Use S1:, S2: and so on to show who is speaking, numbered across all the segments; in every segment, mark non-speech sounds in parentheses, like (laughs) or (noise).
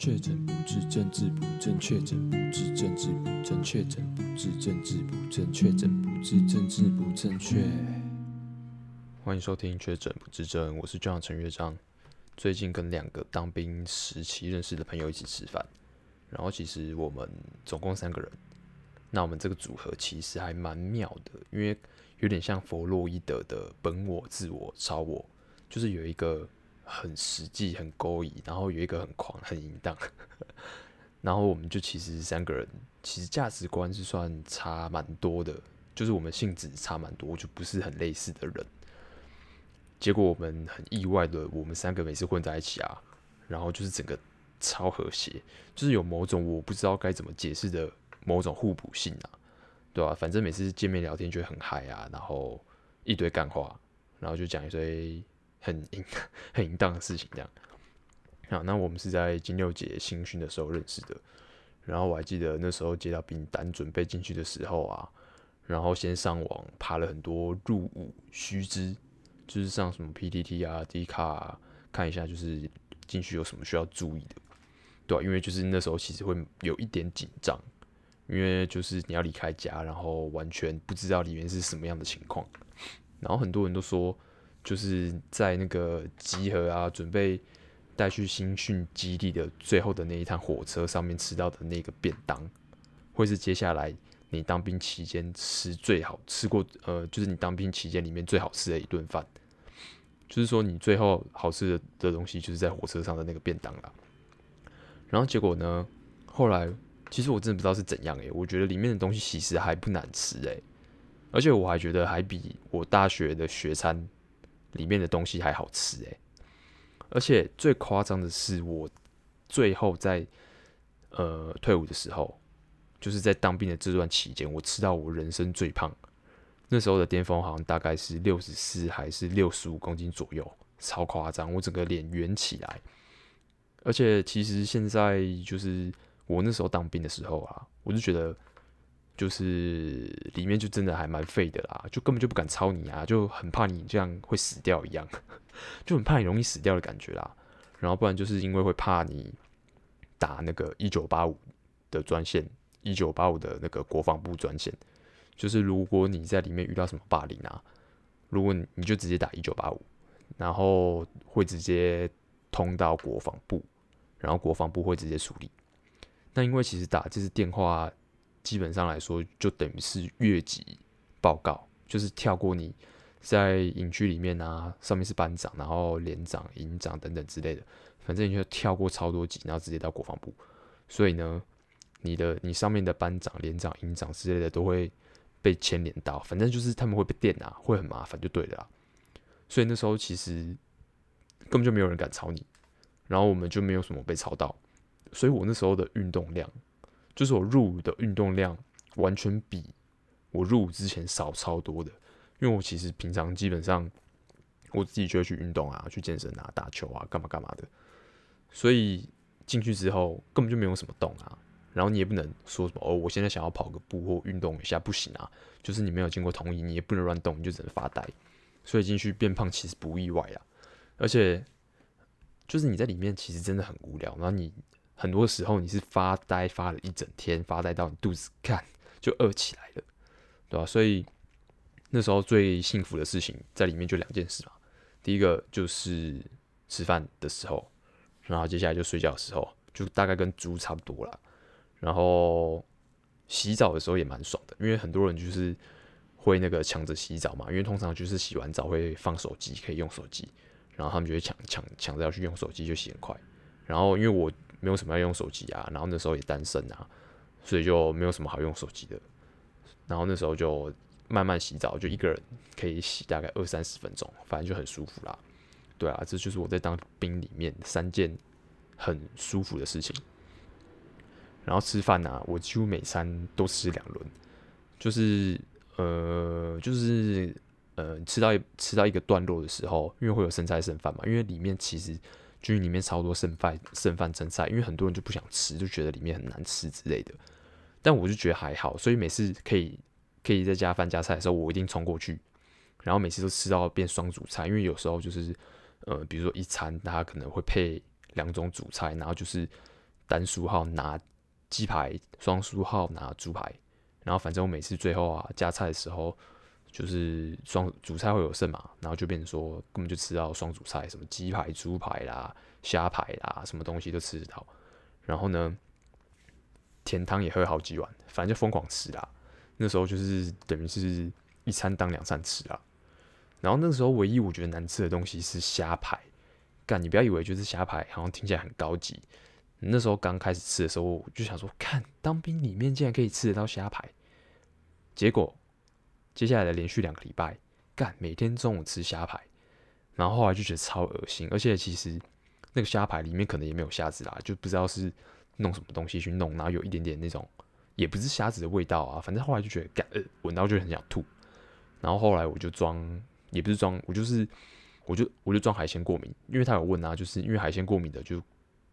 S1: 確診不治，政治不正確；確診不治，政治不正確；確診不治，政治不正確；確診不治，政治不正確。正歡迎收聽《確診不治症》，我是隊長陳樂章。最近跟兩個當兵時期認識的朋友一起吃飯，然後其實我們總共三個人，那我們這個組合其實還蠻妙的，因為有點像弗洛伊德的本我、自我、超我，就是有一個。很實際，很勾引，然後有一個很狂、很淫蕩， (laughs) 然後我們就其實三個人，其實價值觀是算差蠻多的，就是我們性質差蠻多，就不是很類似的人。結果我們很意外的，我們三個每次混在一起啊，然後就是整個超和諧，就是有某種我不知道該怎麼解釋的某種互補性啊，對吧、啊？反正每次見面聊天就會很嗨啊，然後一堆幹話，然後就講一堆。很淫很淫蕩的事情，這樣。好，那我們是在金六結新訓的時候認識的。然後我還記得那時候接到兵單，準備進去的時候啊，然後先上網爬了很多入伍須知，就是上什麼 PTT 啊、D 卡啊，看一下，就是進去有什麼需要注意的。對啊，因為就是那時候其實會有一點緊張，因為就是你要離開家，然後完全不知道裡面是什麼樣的情況。然後很多人都說。就是在那個集合啊，準備帶去新訓基地的最後的那一趟火車上面吃到的那個便當，或是接下來你當兵期間吃最好吃過，呃，就是你當兵期間裡面最好吃的一頓飯，就是說你最後好吃的，的東西就是在火車上的那個便當了。然後結果呢，後來其實我真的不知道是怎樣欸，我覺得裡面的東西其實還不難吃欸，而且我還覺得還比我大學的學餐。裡面的東西還好吃誒，而且最誇張的是，我最後在呃退伍的時候，就是在當兵的這段期間，我吃到我人生最胖，那時候的巔峰好像大概是六十四還是六十五公斤左右，超誇張，我整個臉圓起來，而且其實現在就是我那時候當兵的時候啊，我就覺得。就是裡面就真的還蠻廢的啦，就根本就不敢抄你啊，就很怕你這樣會死掉一樣， (laughs) 就很怕你容易死掉的感覺啦。然後不然就是因為會怕你打那個一九八五的專線，一九八五的那個國防部專線，就是如果你在裡面遇到什麼霸凌啊，如果你就直接打一九八五，然後會直接通到國防部，然後國防部會直接處理。那因為其實打這支電話。基本上來說，就等於是越級報告，就是跳過你在營區裡面啊，上面是班長，然後連長、營長等等之類的，反正你就跳過超多級，然後直接到國防部。所以呢，你的你上面的班長、連長、營長之類的都會被牽連到，反正就是他們會被電啊，會很麻煩，就對了啦。所以那時候其實根本就沒有人敢抄你，然後我們就沒有什麼被抄到，所以我那時候的運動量。就是我入伍的運動量完全比我入伍之前少超多的，因為我其實平常基本上我自己就會去運動啊、去健身啊、打球啊、幹嘛幹嘛的，所以進去之後根本就沒有什麼動啊。然後你也不能說什麼哦，我現在想要跑個步或運動一下不行啊，就是你沒有經過同意，你也不能亂動，你就只能發呆。所以進去變胖其實不意外啊，而且就是你在裡面其實真的很無聊，然後你。很多時候你是發呆發了一整天，發呆到你肚子看就餓起來了，對吧、啊？所以那時候最幸福的事情在裡面就兩件事嘛。第一個就是吃飯的時候，然後接下來就睡覺的時候，就大概跟豬差不多了。然後洗澡的時候也蠻爽的，因為很多人就是會那個搶着洗澡嘛，因為通常就是洗完澡會放手機可以用手機，然後他們就會搶搶搶着要去用手機就洗很快。然後因為我。沒有什麼要用手機啊，然後那時候也單身啊，所以就沒有什麼好用手機的。然後那時候就慢慢洗澡，就一個人可以洗大概二三十分鐘，反正就很舒服啦。對啊，這就是我在當兵裡面三件很舒服的事情。然後吃飯啊，我幾乎每餐都吃兩輪，就是呃，就是呃，吃到吃到一個段落的時候，因為會有剩菜剩飯嘛，因為裡面其實。就裡面超多剩飯、剩飯剩菜，因為很多人就不想吃，就覺得裡面很難吃之類的。但我就覺得還好，所以每次可以可以再加飯加菜的時候，我一定衝過去，然後每次都吃到變雙主菜，因為有時候就是呃，比如說一餐他可能會配兩種主菜，然後就是單數號拿雞排，雙數號拿豬排，然後反正我每次最後啊加菜的時候。就是雙主菜會有剩嘛，然後就變成說根本就吃到雙主菜，什麼雞排、豬排啦、蝦排啦，什麼東西都吃得到。然後呢，甜湯也喝好幾碗，反正就瘋狂吃啦。那時候就是等於是一餐當兩餐吃啦。然後那時候唯一我覺得難吃的東西是蝦排，幹，你不要以為就是蝦排好像聽起來很高級。那時候剛開始吃的時候，我就想說，看，當兵裡面竟然可以吃得到蝦排，結果。接下來的連續兩個禮拜，幹，每天中午吃蝦排，然後後來就覺得超惡心，而且其實那個蝦排裡面可能也沒有蝦子啦，就不知道是弄什麼東西去弄，然後有一點點那種也不是蝦子的味道啊，反正後來就覺得幹，呃，聞到就很想吐，然後後來我就裝，也不是裝，我就是我就我就裝海鮮過敏，因為他有問啊，就是因為海鮮過敏的就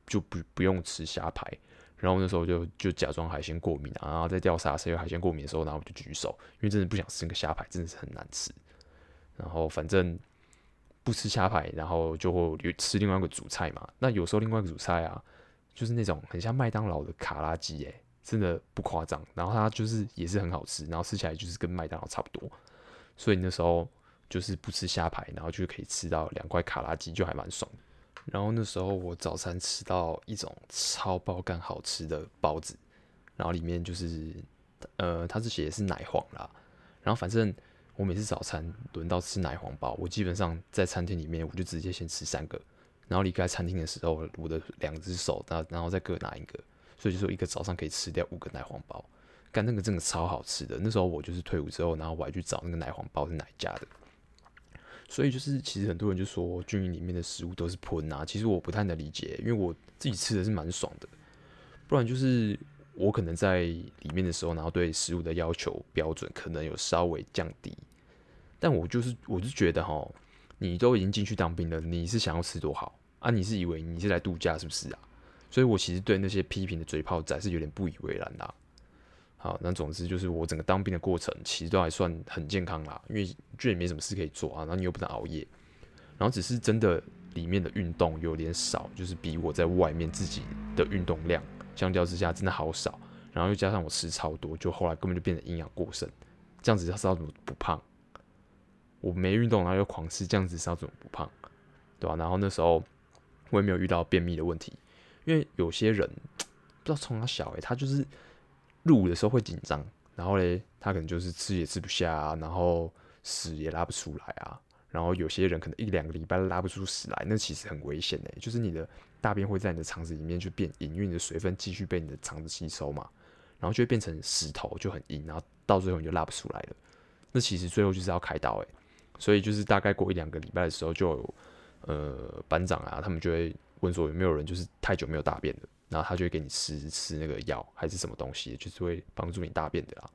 S1: 就不不用吃蝦排。然後那時候就就假裝海鮮過敏啊，然後在釣沙，吃海鮮過敏的時候，然後我就舉手，因為真的不想吃那個蝦排，真的是很難吃。然後反正不吃蝦排，然後就會有吃另外一個主菜嘛。那有時候另外一個主菜啊，就是那種很像麥當勞的卡拉雞、欸，哎，真的不誇張。然後它就是也是很好吃，然後吃起來就是跟麥當勞差不多。所以那時候就是不吃蝦排，然後就可以吃到兩塊卡拉雞，就還蠻爽的。然後那時候我早餐吃到一種超爆幹好吃的包子，然後裡面就是，呃，它是寫的是奶黃啦。然後反正我每次早餐輪到吃奶黃包，我基本上在餐廳裡面我就直接先吃三個，然後離開餐廳的時候我的兩隻手拿，然後再各拿一個，所以就說一個早上可以吃掉五個奶黃包。幹那個真的超好吃的，那時候我就是退伍之後，然後我還去找那個奶黃包是哪一家的。所以就是，其實很多人就說軍營裡面的食物都是噴吶啊，其實我不太能理解，因為我自己吃的是蠻爽的，不然就是我可能在裡面的時候，然後對食物的要求標準可能有稍微降低，但我就是我就覺得哈，你都已經進去當兵了，你是想要吃多好啊？你是以為你是來度假是不是啊？所以，我其實對那些批評的嘴炮仔是有點不以為然的啊。啊，那總之就是我整個當兵的過程，其實都還算很健康啦，因為就也沒什麼事可以做啊，然後你又不能熬夜，然後只是真的裡面的運動有點少，就是比我在外面自己的運動量相較之下真的好少，然後又加上我吃超多，就後來根本就變得營養過剩，這樣子是要怎麼不胖？我沒運動，然後又狂吃，這樣子是要怎麼不胖？對吧、啊？然後那時候我也沒有遇到便秘的問題，因為有些人不知道從哪小誒、欸，他就是。入伍的時候會緊張，然後嘞，他可能就是吃也吃不下啊，然後屎也拉不出來啊。然後有些人可能一兩個禮拜都拉不出屎來，那其實很危險嘞，就是你的大便會在你的腸子裡面就變硬，因為你的水分繼續被你的腸子吸收嘛，然後就會變成石頭，就很硬，然後到最後你就拉不出來了。那其實最後就是要開刀誒，所以就是大概過一兩個禮拜的時候就有，就呃班長啊，他們就會問說有沒有人就是太久沒有大便了。然後他就會給你吃吃那個藥，還是什麼東西，就是會幫助你大便的啦。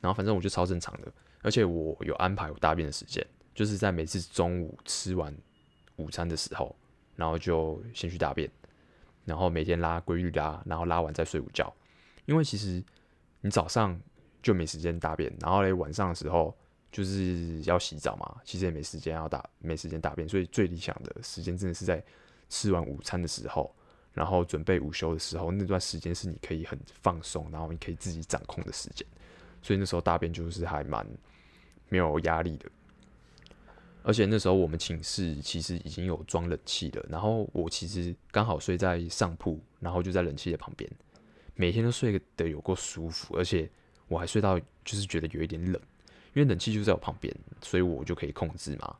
S1: 然後反正我就超正常的，而且我有安排我大便的時間，就是在每次中午吃完午餐的時候，然後就先去大便，然後每天拉規律拉，然後拉完再睡午覺。因為其實你早上就沒時間大便，然後嘞晚上的時候就是要洗澡嘛，其實也沒時間要大，沒時間大便，所以最理想的時間真的是在吃完午餐的時候。然後準備午休的時候，那段時間是你可以很放鬆，然後你可以自己掌控的時間。所以那時候大便就是還蠻沒有壓力的。而且那時候我們寢室其實已經有裝冷氣了，然後我其實剛好睡在上鋪，然後就在冷氣的旁邊，每天都睡得有夠舒服，而且我還睡到就是覺得有一點冷，因為冷氣就在我旁邊，所以我就可以控制嘛。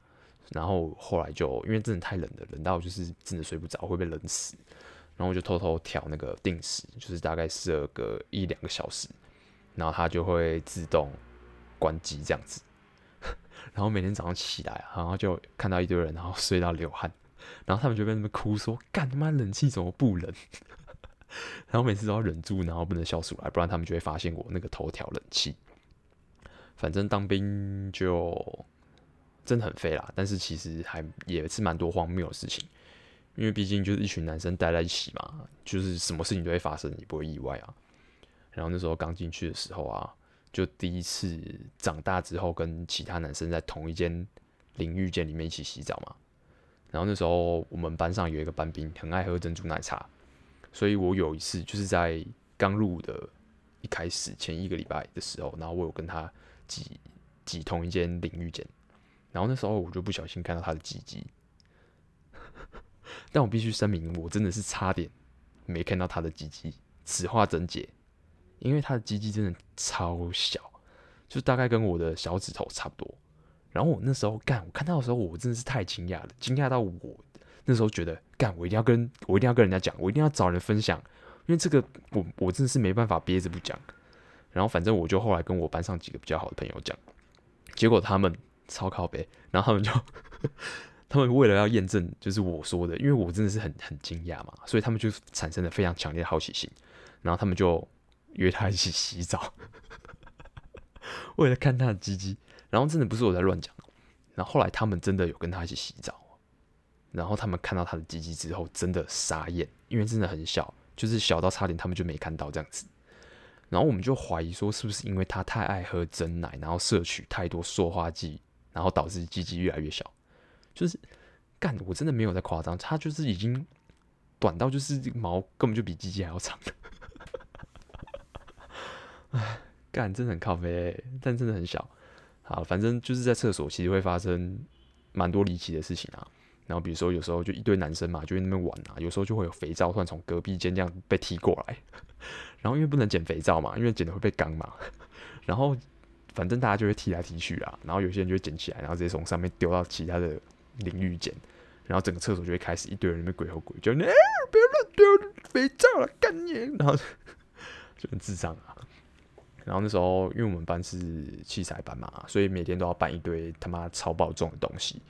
S1: 然後後來就因為真的太冷了，冷到就是真的睡不着，會被冷死。然後我就偷偷調那個定時，就是大概設個一兩個小時，然後它就會自動關機這樣子。 (laughs) 然後每天早上起來，然後就看到一堆人，然後睡到流汗，然後他們就在那邊哭說：“ (laughs) 幹他媽冷氣怎麼不冷？” (laughs) 然後每次都要忍住，然後不能笑出來，不然他們就會發現我那個偷調冷氣。反正當兵就真的很廢啦，但是其實還也是蠻多荒謬的事情。因為畢竟就是一群男生待在一起嘛，就是什麼事情都會發生，你不會意外啊。然後那時候剛進去的時候啊，就第一次長大之後跟其他男生在同一間淋浴間裡面一起洗澡嘛。然後那時候我們班上有一個班兵很愛喝珍珠奶茶，所以我有一次就是在剛入伍的一開始前一個禮拜的時候，然後我有跟他擠擠同一間淋浴間，然後那時候我就不小心看到他的雞雞。 (laughs) 但我必須聲明，我真的是差點沒看到他的雞雞。此話怎解？因為他的雞雞真的超小，就大概跟我的小指頭差不多。然後我那時候幹，我看到的時候，我真的是太驚訝了，驚訝到我那時候覺得幹，我一定要跟，我一定要跟人家講，我一定要找人分享，因為這個我我真的是沒辦法憋着不講。然後反正我就後來跟我班上幾個比較好的朋友講，結果他們超靠北，然後他們就。 (laughs) 他們為了要驗證，就是我說的，因為我真的是很很驚訝嘛，所以他們就產生了非常強烈的好奇心，然後他們就約他一起洗澡， (laughs) 為了看他的雞雞。然後真的不是我在亂講，然後後來他們真的有跟他一起洗澡，然後他們看到他的雞雞之後，真的傻眼，因為真的很小，就是小到差點他們就沒看到這樣子。然後我們就懷疑說，是不是因為他太愛喝珍奶，然後攝取太多塑化劑，然後導致雞雞越來越小。就是幹，我真的沒有在誇張，它就是已經短到就是毛根本就比雞雞還要長。哎， (laughs) 幹真的很靠北，但真的很小。好，反正就是在廁所其實會發生蠻多離奇的事情啊。然後比如說有時候就一堆男生嘛，就在那邊玩啊，有時候就會有肥皂突然從隔壁間這樣被踢過來， (laughs) 然後因為不能撿肥皂嘛，因為撿的會被肛嘛， (laughs) 然後反正大家就會踢來踢去啊，然後有些人就會撿起來，然後直接從上面丟到其他的。淋浴間，然後整個廁所就會開始一堆人在那鬼吼鬼就，哎、欸，別亂丟肥皂了，幹你！然後就，就很智障啊。然後那時候，因為我們班是器材班嘛，所以每天都要搬一堆他媽超爆重的東西。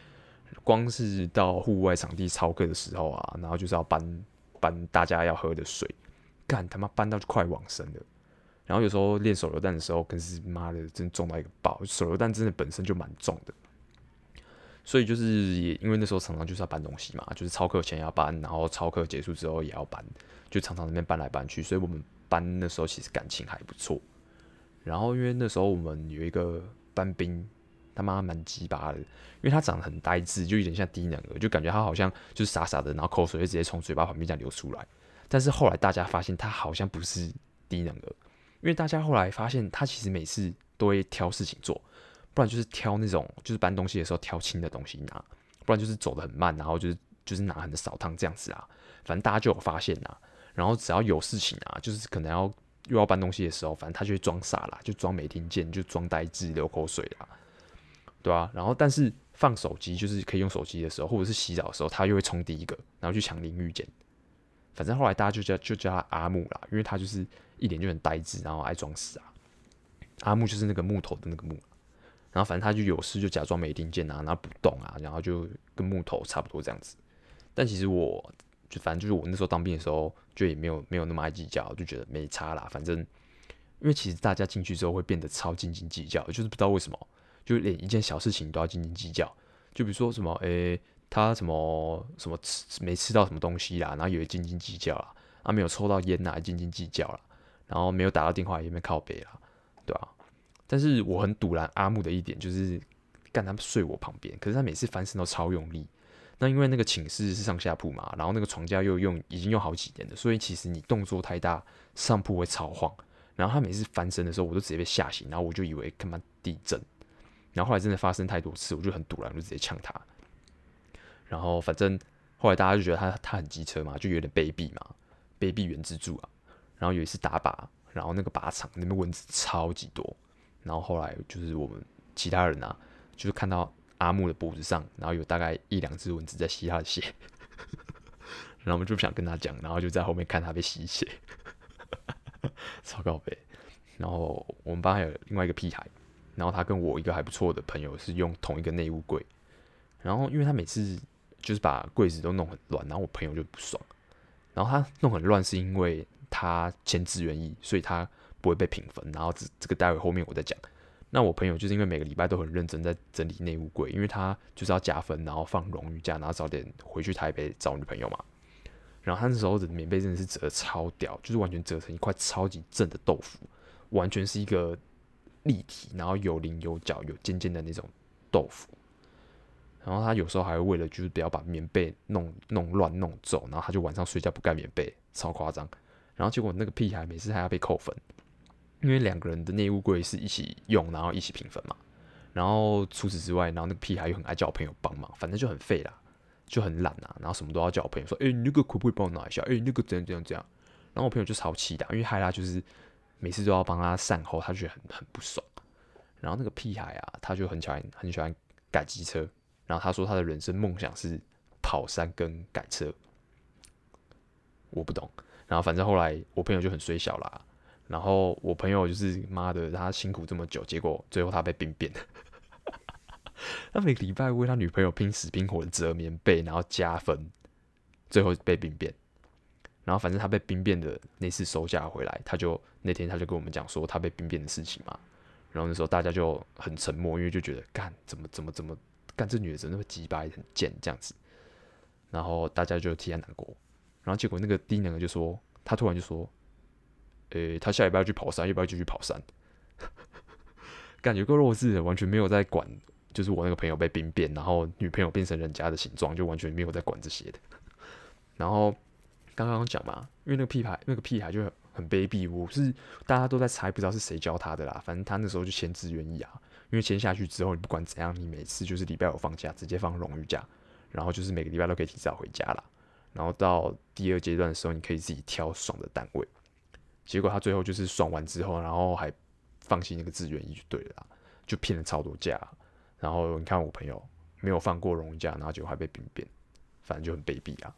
S1: 光是到戶外場地操課的時候啊，然後就是要搬搬大家要喝的水，幹他媽搬到就快往生了。然後有時候練手榴彈的時候，更是媽的真重到一個爆。手榴彈，真的本身就蠻重的。所以就是也因為那時候常常就是要搬東西嘛，就是操課前要搬，然後操課結束之後也要搬，就常常那邊搬來搬去。所以我們搬的時候其實感情還不錯。然後因為那時候我們有一個班兵，他媽蠻雞巴的，因為他長得很呆滯，就有點像低能兒，就感覺他好像就是傻傻的，然後口水就直接從嘴巴旁邊這樣流出來。但是後來大家發現他好像不是低能兒，因為大家後來發現他其實每次都會挑事情做。不然就是挑那種，就是搬東西的時候挑輕的東西拿；不然就是走得很慢，然後就是就是拿很少趟湯這樣子啊。反正大家就有發現啊。然後只要有事情啊，就是可能要又要搬東西的時候，反正他就會裝傻啦，就裝沒聽見，就裝呆滯、流口水啦，對吧、啊？然後但是放手機就是可以用手機的時候，或者是洗澡的時候，他又會衝第一個，然後去搶淋浴間。反正後來大家就叫就叫他阿木啦，因為他就是一臉就很呆滯，然後愛裝死啊。阿木就是那個木頭的那個木。然後反正他就有事就假裝沒聽見啊，然後不動啊，然後就跟木頭差不多這樣子。但其實我就反正就是我那時候當兵的時候就也沒有沒有那麼愛計較，就覺得沒差啦。反正因為其實大家進去之後會變得超斤斤計較，就是不知道為什麼就連一件小事情都要斤斤計較。就比如說什麼誒他什麼什麼吃沒吃到什麼東西啦，然後也會斤斤計較啦。啊沒有抽到菸啦，斤斤計較啦。然後沒有打到電話也沒靠北啦，對吧、啊？但是我很賭爛阿木的一點就是，幹，他睡我旁邊，可是他每次翻身都超用力。那因為那個寢室是上下鋪嘛，然後那個床架又用已經用好幾年了，所以其實你動作太大，上鋪會超晃。然後他每次翻身的時候，我都直接被嚇醒，然後我就以為他媽地震。然後後來真的發生太多次，我就很賭爛，就直接嗆他。然後反正後來大家就覺得他他很機車嘛，就有點卑鄙嘛，卑鄙源之助啊。然後有一次打靶，然後那個靶場那邊蚊子超級多。然後後來就是我們其他人啊，就是看到阿木的脖子上，然後有大概一兩隻蚊子在吸他的血， (laughs) 然後我們就不想跟他講，然後就在後面看他被吸血， (laughs) 超靠北。然後我們班還有另外一個屁孩，然後他跟我一個還不錯的朋友是用同一個內務櫃，然後因為他每次就是把櫃子都弄很亂，然後我朋友就不爽，然後他弄很亂是因為他簽字願意，所以他。不會被評分，然後這這個待會後面我再講。那我朋友就是因為每個禮拜都很認真在整理內務櫃，因為他就是要加分，然後放榮譽假，然後早點回去台北找女朋友嘛。然後他那時候的棉被真的是折超屌，就是完全折成一塊超級正的豆腐，完全是一個立體，然後有稜有角有尖尖的那種豆腐。然後他有時候還會為了就是不要把棉被弄弄亂弄皺，然後他就晚上睡覺不蓋棉被，超誇張。然後結果那個屁孩每次還要被扣分。因為兩個人的內務櫃是一起用，然後一起平分嘛。然後除此之外，然後那個屁孩又很愛叫我朋友幫忙，反正就很廢啦，就很懶啊。然後什麼都要叫我朋友說：“哎、欸，你那個可不可以幫我拿一下？”“哎、欸，那個怎樣怎樣怎樣。”然後我朋友就超氣的，因為害啦，就是每次都要幫他善後，他就覺得很很不爽。然後那個屁孩啊，他就很喜歡很喜歡改機車。然後他說他的人生夢想是跑山跟改車。我不懂。然後反正後來我朋友就很衰小啦。然後我朋友就是媽的，他辛苦這麼久，結果最後他被兵變了。他 (laughs) 每個禮拜為他女朋友拼死拼活的折棉被，然後加分，最後被兵變。然後反正他被兵變的那次收假回來，他就那天他就跟我們講說他被兵變的事情嘛。然後那時候大家就很沉默，因為就覺得幹怎麼怎麼怎麼幹這女的怎麼那麼雞巴很賤這樣子。然後大家就替他難過。然後結果那個低能的就說，他突然就說。呃、欸，他下禮拜要去跑山，要不要繼續跑山，感覺夠弱智的，完全沒有在管。就是我那個朋友被兵變，然後女朋友變成人家的形狀，就完全沒有在管這些的。 (laughs) 然後剛剛講嘛，因為那個屁孩，那個屁孩就很，很卑鄙。我是大家都在猜，不知道是誰教他的啦。反正他那時候就簽志願役啊，因為簽下去之後，你不管怎樣，你每次就是禮拜五放假，直接放榮譽假，然後就是每個禮拜都可以提早回家了。然後到第二階段的時候，你可以自己挑爽的單位。結果他最後就是爽完之後，然後還放棄那個志願役就對了，就騙了超多假。然後你看我朋友沒有放過榮假，然後結果還被兵變，反正就很卑鄙啊。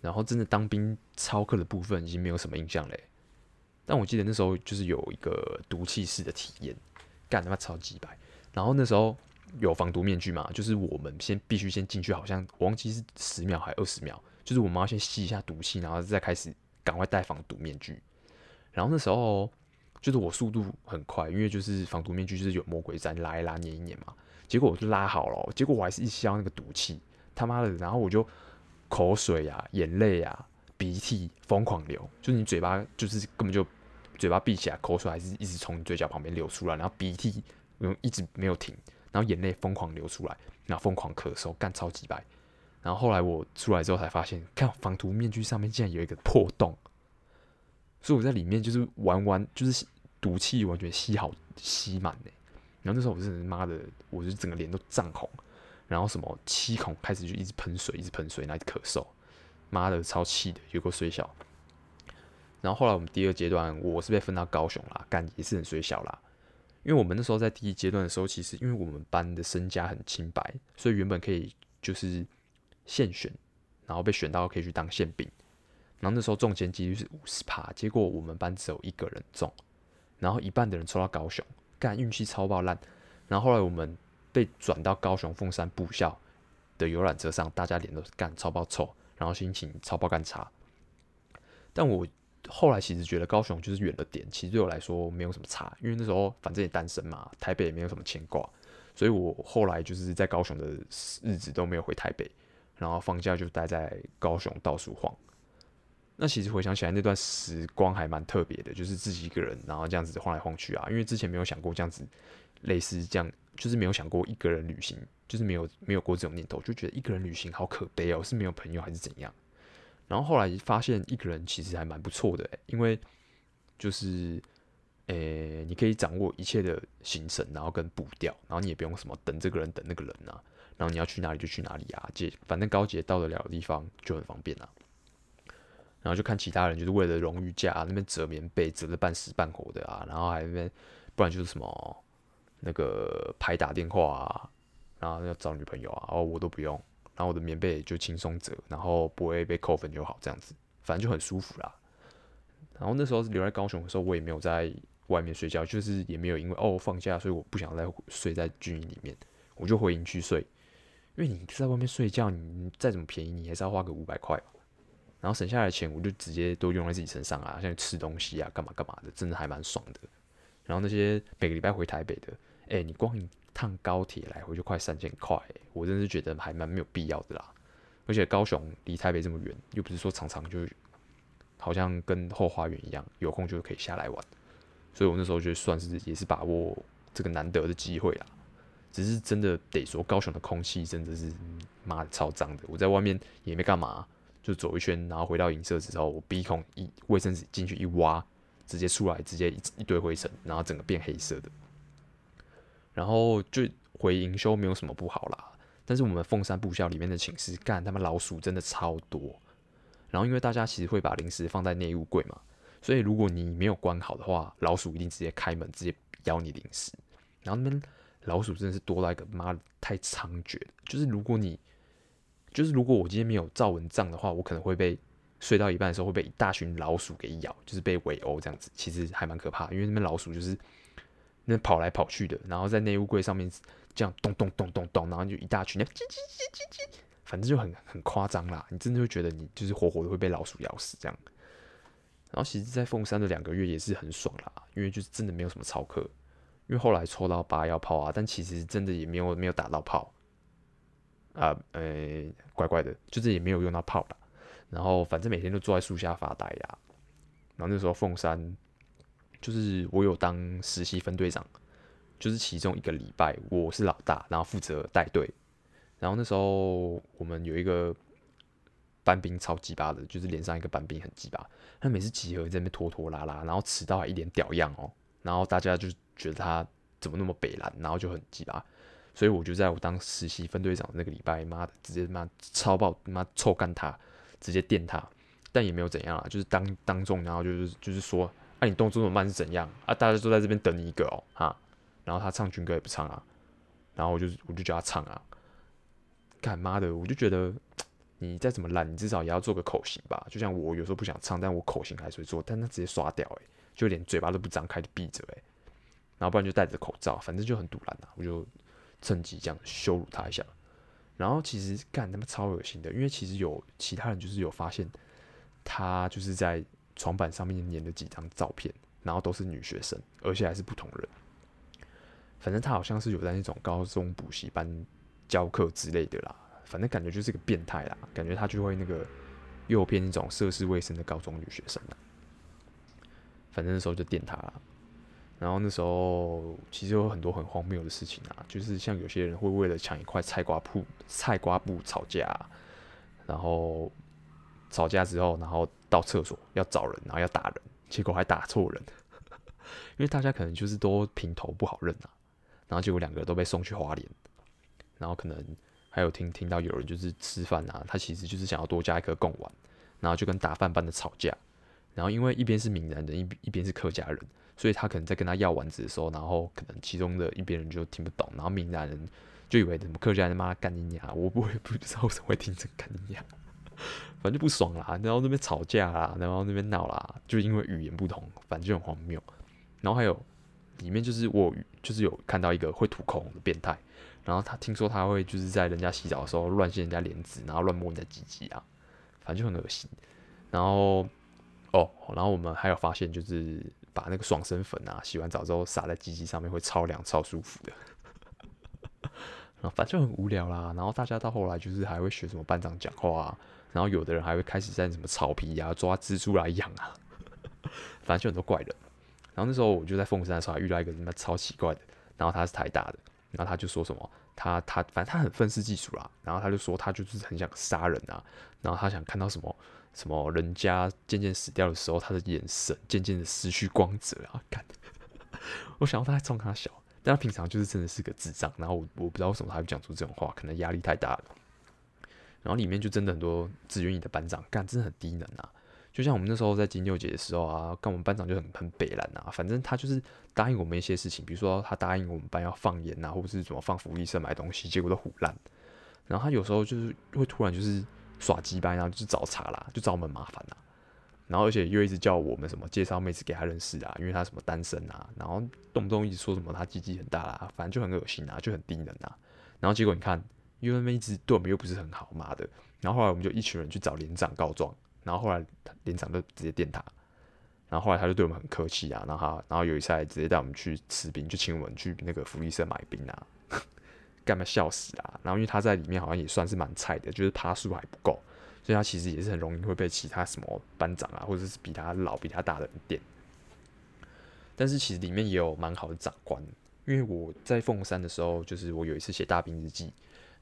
S1: 然後真的當兵操課的部分已經沒有什麼印象嘞、欸，但我記得那時候就是有一個毒氣室的體驗，幹他媽超級白。然後那時候有防毒面具嘛，就是我們先必須先進去，好像我忘記是十秒還是二十秒，就是我們要先吸一下毒氣，然後再開始。趕快戴防毒面具，然後那時候就是我速度很快，因為就是防毒面具就是有魔鬼氈拉一拉，捏一捏嘛。結果我就拉好了，結果我還是一吸那個毒氣，他媽的！然後我就口水呀，啊，眼淚呀，啊，鼻涕瘋狂流，就是你嘴巴就是根本就嘴巴閉起來，口水還是一直從你嘴角旁邊流出來，然後鼻涕一直沒有停，然後眼淚瘋狂流出來，然後瘋狂咳嗽，幹超級白。然後後來我出來之後才發現，看防毒面具上面竟然有一個破洞。所以我在裡面就是玩玩，就是毒氣完全吸好吸滿嘞。然後那時候我真的媽的，我就整個臉都漲紅，然後什麼七孔開始就一直噴水，一直噴水，然後咳嗽。媽的，超氣的，有夠衰小。然後後來我們第二階段，我是被分到高雄啦，幹也是很衰小啦。因為我們那時候在第一階段的時候，其實因為我們班的身家很清白，所以原本可以就是現選，然後被選到可以去當憲兵。然後那時候中籤幾率是五十趴，結果我們班只有一個人中，然後一半的人抽到高雄，幹運氣超爆爛。然後後來我們被轉到高雄鳳山步校的遊覽車上，大家臉都幹超爆臭，然後心情超爆幹差。但我後來其實覺得高雄就是遠了點，其實對我來說沒有什麼差，因為那時候反正也單身嘛，台北也沒有什麼牽掛，所以我後來就是在高雄的日子都沒有回台北，然後放假就待在高雄到處晃。那其實回想起來那段時光還蠻特別的，就是自己一個人，然後這樣子晃來晃去啊。因為之前沒有想過這樣子，類似這樣，就是沒有想過一個人旅行，就是沒有沒有過這種念頭，就覺得一個人旅行好可悲哦、喔，是沒有朋友還是怎樣？然後後來發現一個人其實還蠻不錯的、欸，因為就是呃、欸，你可以掌握一切的行程，然後跟步調，然後你也不用什麼等這個人等那個人啊，然後你要去哪裡就去哪裡啊，反正高鐵到得了的地方就很方便啊。然後就看其他人就是為了榮譽假那邊折棉被折的半死半活的啊，然後還那邊不然就是什麼那個拍打電話啊，然後要找女朋友啊，哦，我都不用，然後我的棉被也就輕鬆折，然後不會被扣分就好這樣子，反正就很舒服啦。然後那時候是留在高雄的時候，我也沒有在外面睡覺，就是也沒有因為哦我放假所以我不想再睡在軍營裡面，我就回營去睡，因為你在外面睡覺，你再怎麼便宜，你還是要花個五百塊。然後省下來的錢，我就直接都用在自己身上啊，像吃東西啊、幹嘛幹嘛的，真的還蠻爽的。然後那些每個禮拜回台北的，哎，你光一趟高鐵來回就快三千塊，欸，我真的是覺得還蠻沒有必要的啦。而且高雄離台北這麼遠，又不是說常常就，好像跟後花園一樣，有空就可以下來玩。所以我那時候就算是也是把握這個難得的機會啦。只是真的得說，高雄的空氣真的是媽的超髒的，我在外面也沒幹嘛。就走一圈，然後回到營舍之後，我鼻孔一衛生紙進去一挖，直接出來，直接一,一堆灰塵，然後整個變黑色的。然後就回營修沒有什麼不好啦，但是我們鳳山步校裡面的寢室，幹他們老鼠真的超多。然後因為大家其實會把零食放在內務櫃嘛，所以如果你沒有關好的話，老鼠一定直接開門直接咬你零食。然後那邊老鼠真的是多到一個媽的太猖獗，就是如果你。就是如果我今天沒有照蚊帳的話，我可能會被睡到一半的時候會被一大群老鼠給咬，就是被圍毆這樣子，其實還蠻可怕。因為那邊老鼠就是那跑來跑去的，然後在內務櫃上面這樣咚,咚咚咚咚咚，然後就一大群咚咚咚咚，反正就很很誇張啦。你真的會覺得你就是活活的會被老鼠咬死這樣。然後其實，在鳳山的兩個月也是很爽啦，因為就是真的沒有什麼操課，因為後來抽到八幺炮啊，但其實真的也沒有沒有打到炮。啊，呃、欸，怪怪的，就是也沒有用到炮吧。然後反正每天都坐在樹下發呆呀、啊。然後那時候鳳山，就是我有當實習分隊長，就是其中一個禮拜我是老大，然後負責帶隊。然後那時候我們有一個班兵超雞巴的，就是連上一個班兵很雞巴。他每次集合在那邊拖拖拉拉，然後遲到還一臉屌樣哦。然後大家就覺得他怎麼那麼北爛，然後就很雞巴。所以我就在我當實習分隊長的那個禮拜，媽的，直接媽超爆，媽臭幹他，直接電他，但也沒有怎樣啊，就是當當眾，然後就是就是說，啊你動作這麼慢是怎樣？啊，大家都在這邊等你一個哦，哈，然後他唱軍歌也不唱啊，然後我就我就叫他唱啊，幹媽的，我就覺得你再怎麼爛，你至少也要做個口型吧，就像我有時候不想唱，但我口型還是會做，但他直接刷掉、欸，誒，就連嘴巴都不張開，就閉着，誒，然後不然就戴着口罩，反正就很堵爛啦，我就。趁機這樣羞辱他一下，然後其實幹他媽超噁心的，因為其實有其他人就是有發現他就是在床板上面粘了幾張照片，然後都是女學生，而且還是不同人。反正他好像是有在那種高中補習班教課之類的啦，反正感覺就是個變態啦，感覺他就會那個誘騙那種涉世未深的高中女學生啦。反正那時候就電他了。然後那時候其實有很多很荒謬的事情啊，就是像有些人會為了搶一塊菜瓜布、菜瓜布吵架，然後吵架之後，然後到廁所要找人，然後要打人，結果還打錯人， (laughs) 因為大家可能就是都平頭不好認啊，然後結果兩個人都被送去花蓮，然後可能還有聽聽到有人就是吃飯啊，他其實就是想要多加一顆貢丸，然後就跟打飯班的吵架。然後，因為一邊是閩南人，一一邊是客家人，所以他可能在跟他要丸子的時候，然後可能其中的一邊人就聽不懂，然後閩南人就以為什麼客家人罵他幹你娘，我不會不知道我怎麼會聽成幹你娘， (laughs) 反正就不爽啦。然後那邊吵架啦，然後那邊鬧啦，就因為語言不同，反正就很荒謬。然後還有裡面就是我就是有看到一個會塗口紅的變態，然後他聽說他會就是在人家洗澡的時候亂掀人家簾子，然後亂摸人家雞雞啊，反正就很惡心。然後。哦、然後我們還有發現，就是把那個爽身粉啊，洗完澡之後撒在雞雞上面，會超涼超舒服的。 (laughs) 然後反正就很無聊啦，然後大家到後來就是還會學什麼班長講話、啊，然後有的人還會開始在什麼草皮呀、啊、抓蜘蛛來養啊。 (laughs) 反正就很多怪人。然後那時候我就在鳳山的時候還遇到一個什麼超奇怪的，然後他是台大的，然後他就說什麼，他他反正他很憤世嫉俗啦，然後他就說他就是很想殺人啊，然後他想看到什麼。什麼人家漸漸死掉的時候，他的眼神漸漸的失去光澤啊！幹，我想到他還衝他小，但他平常就是真的是個智障。然後我我不知道為什麼他會講出這種話，可能壓力太大了。然後裡面就真的很多志願役的班長，幹真的很低能啊！就像我們那時候在金六結的時候啊，跟我們班長就很噴北爛啊。反正他就是答應我們一些事情，比如說他答應我們班要放鹽啊，或者是怎麼放福利社買東西，結果都唬爛。然後他有時候就是會突然就是。耍雞掰、啊，然後就是找茬啦，就找我們麻煩啦、啊。然後而且又一直叫我們什麼介紹妹子給他認識啊，因為他什麼單身啊。然後動不動一直說什麼他雞雞很大啦、啊，反正就很噁心啊，就很低能啊。然後結果你看，因為妹子一直對我們又不是很好嘛的。然後後來我們就一群人去找連長告狀。然後後來連長就直接電他。然後後來他就對我們很客氣啊。然後他然後有一次還直接帶我們去吃冰，就請我們去那個福利社買冰啊。 (laughs) 幹嘛笑死啦、啊？然後因為他在裡面好像也算是蠻菜的，就是爬數還不夠，所以他其實也是很容易會被其他什麼班長啊，或者是是比他老、比他大的人電。但是其實裡面也有蠻好的長官，因為我在鳳山的時候，就是我有一次寫大兵日記，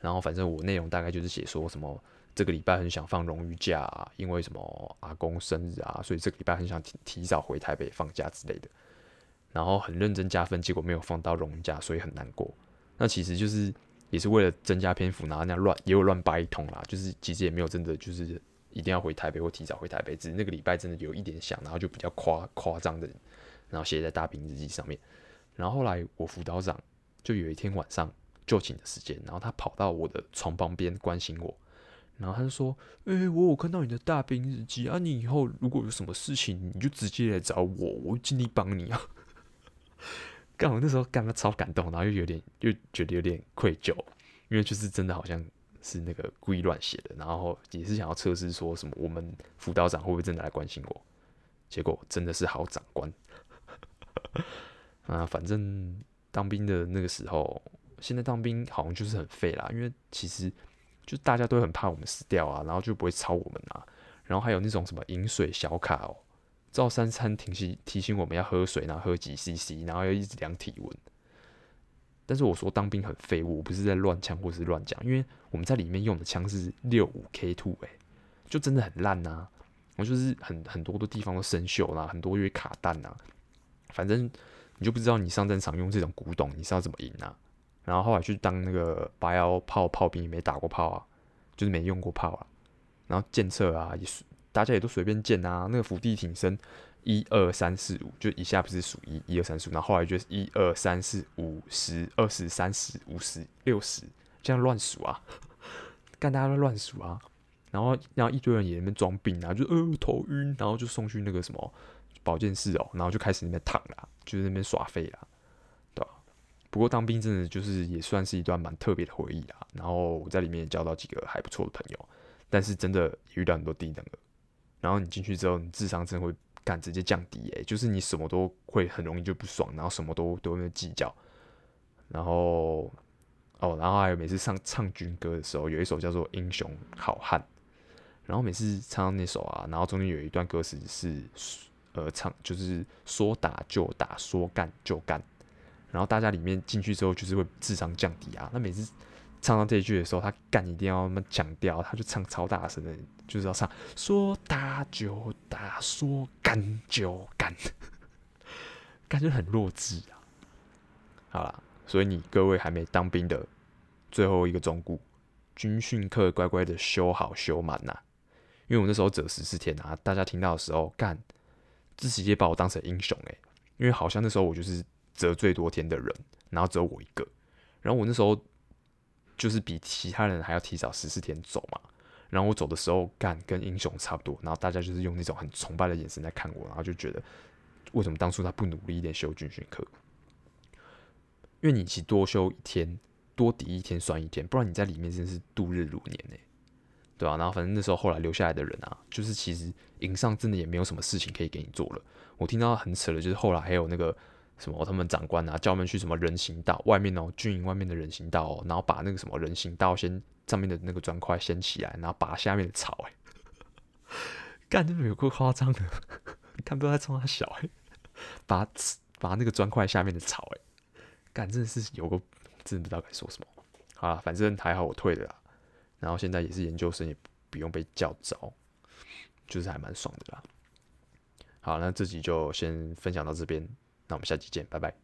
S1: 然後反正我的內容大概就是寫說什麼這個禮拜很想放榮譽假，、啊，因為什麼阿公生日啊，所以這個禮拜很想提提早回台北放假之類的。然後很認真加分，結果沒有放到榮譽假，所以很難過。那其實就是也是為了增加篇幅然後，後那樣亂也有亂掰一通啦。就是其實也沒有真的，就是一定要回台北或提早回台北，只是那個禮拜真的有一點想，然後就比較誇誇張的人，然後寫在大兵日記上面。然後後來我輔導長就有一天晚上就寢的時間，然後他跑到我的床旁邊關心我，然後他就說：“誒、欸，我有看到你的大兵日記啊，你以後如果有什麼事情，你就直接來找我，我盡力幫你啊。”剛好那時候剛剛超感動，然後又有點又覺得有點愧疚，因為就是真的好像是那個故意亂寫的，然後也是想要測試說什麼我們輔導長會不會真的來關心我，結果真的是好長官 (laughs) 啊！反正當兵的那個時候，現在當兵好像就是很廢啦，因為其實就大家都很怕我們死掉啊，然後就不會抄我們啊，然後還有那種什麼飲水小卡哦、喔。照三餐提醒提醒我們要喝水，然後喝幾 CC，然後要一直量體溫。但是我說當兵很廢物，我不是在亂槍或是亂講，因為我們在裡面用的槍是六五 K2、欸、就真的很爛吶、啊。我就是很很多的地方都生銹了、啊、很多就會卡彈吶、啊。反正你就不知道你上戰場用這種古董，你是要怎麼贏啊？然後後來去當那個八幺炮炮兵，也沒打過炮啊，就是沒用過炮啊。然後建設啊也大家也都隨便建啊，那個伏地挺身，一二三四五，就一下不是數一，一二三數，然後後來就是一二三四五，十，二十，三十，五十六十，這樣亂數啊，看 (laughs) 大家亂數啊，然後然後一堆人也那邊裝病啊，就呃頭暈，然後就送去那個什麼保健室哦、喔，然後就開始那邊躺啦，就是、在那邊耍廢啦，對吧、啊？不過當兵真的就是也算是一段蠻特別的回憶啦，然後我在裡面也交到幾個還不錯的朋友，但是真的也遇到很多低等的。然後你進去之後，你智商真的會幹直接降低誒、欸，就是你什麼都會很容易就不爽，然後什麼都都會計較，然後哦，然後還有每次上唱軍歌的時候，有一首叫做《英雄好漢》，然後每次唱到那首啊，然後中間有一段歌詞是呃唱就是說打就打，說幹就幹，然後大家裡面進去之後就是會智商降低啊，那每次。唱到這一句的時候，他幹一定要那麼強調，他就唱超大聲的，就是要唱說打就打，說幹就幹，感 (laughs) 覺很弱智啊。好啦，所以你各位還沒當兵的，最後一個忠告，軍訓課乖乖的修好修滿吶、啊。因為我那時候折十四天啊，大家聽到的時候幹，直接把我當成英雄、欸、因為好像那時候我就是折最多天的人，然後只有我一個，然後我那時候。就是比其他人還要提早十四天走嘛，然後我走的時候幹，跟英雄差不多，然後大家就是用那種很崇拜的眼神在看我，然後就覺得為什麼當初他不努力一點修軍訓課？因為你其多修一天多抵一天算一天，不然你在裡面真的是度日如年哎、欸，對吧、啊？然後反正那時候後來留下來的人啊，就是其實營上真的也沒有什麼事情可以給你做了。我聽到很扯的，就是後來還有那個。什麼？他們長官啊，叫我們去什麼人行道外面哦，軍營外面的人行道哦，然後把那個什麼人行道先上面的那個磚塊掀起來，然後拔下面的草哎、欸，幹， (laughs) 這有夠誇張的！看不到在衝他笑哎、欸，拔，拔那個磚塊下面的草哎、欸，幹，真的是有個，真的不知道該說什麼。好了，反正還好我退了啦，然後現在也是研究生，也不用被叫着，就是還蠻爽的啦。好，那這集就先分享到這邊。我們下期見，拜拜。